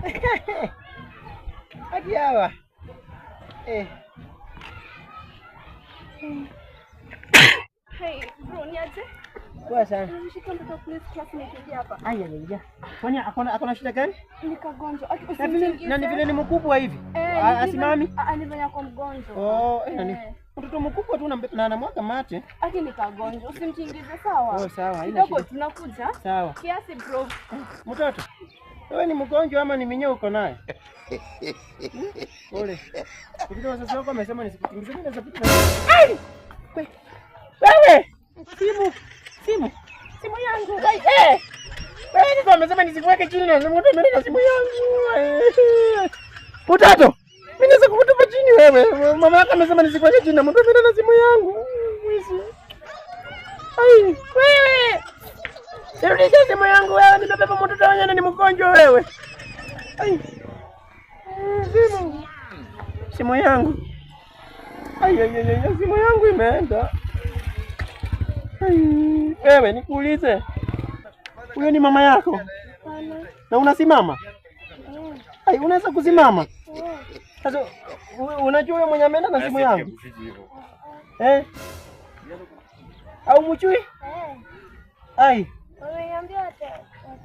hadi hawa eh. Akona shida gani? vile ni mkubwa hivi eh, asimami, oh, eh, eh. mtoto mkubwa tu na anamwaga mate. Oh, mtoto wewe ni mgonjwa ama ni minyoo uko naye? Pole. Kutoka wazazi wako amesema nisikukimbize mimi naweza pita. Ai! Wewe! Simu, simu. Simu yangu. Ai, eh! Wewe ndio amesema nisiweke chini na simu ndio mimi na simu yangu. Potato. Mimi naweza kukutupa chini wewe. Mama yako amesema nisiweke chini na mtu mimi na simu yangu. Mwizi. Ai, wewe. Nirudishe simu yangu wewe, nimebeba mtoto mgonjwa wewe. Simu. Simu yangu. Ai simu yangu imeenda. Wewe nikuulize. Huyo ni mama yako? Na unasimama? Ai, unaweza kusimama? Sasa unajua huyo mwenye ameenda na simu yangu? Eh? Au mchui? Ai.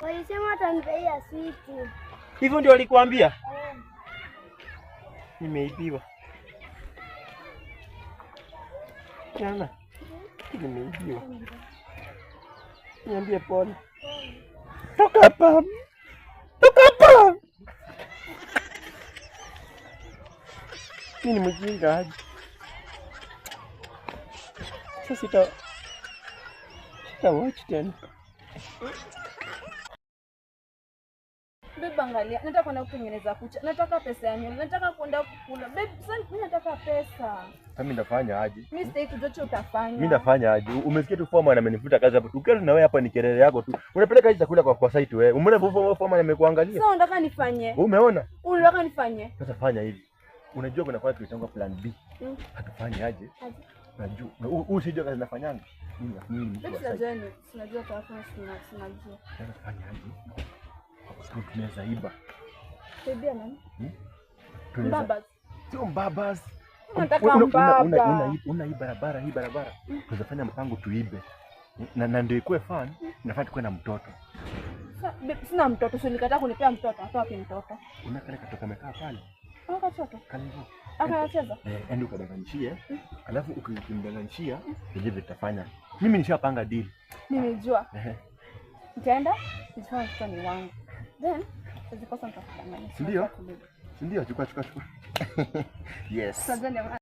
Walisema watanipea switi. Hivyo ndio walikwambia? Eh. Nimeibiwa. Jana. Nimeibiwa. Niambie pole. Toka hapa. Toka hapa. Mimi ni mjinga aje? Sasa sita sitawachi tena babe, angalia, nataka kwenda kutengeneza kucha, nataka pesa ya nywele, nataka kwenda kukula. Babe, mimi nataka pesa. Sasa mimi nitafanya aje? Mimi hmm? sitaki kujua utafanya. Mimi nitafanya aje? Umesikia tu Foreman amenifuta kazi hapa. Tuketi na wewe hapa ni kelele yako tu. Unapeleka hizi chakula kwa kwa site wewe. Umeona Foreman Foreman amekuangalia? Sasa unataka nifanye? Umeona? Unataka nifanye? Sasa fanya hivi. Unajua kuna kwa kitu changu plan B. Mm. Hatufanye aje? Aje. Najua. Huu sijua kazi nafanyanga. Mimi nafanya. Sasa najua sina sina sina. Sasa fanya aje? sababu tunaweza iba. Hmm? Tunaweza sio mbabas. Una hii barabara hii barabara tunaweza fanya mpango tuibe na, na ndio ikuwe fun. Nafaa tukuwe na mtoto. Sina mtoto, si nikataa kunipea mtoto. Hata wapi mtoto? Una kale katoka amekaa pale. Ana katoto. Kalivu. Akacheza. Eh, endi ukadanganyishie. Hmm. Alafu ukimdanganyishia, hmm. vile vile Mimi nishapanga deal. Nimejua. Nitaenda, nitafanya ni wangu. Then ndio, ndio, chukua chukua chukua. Yes.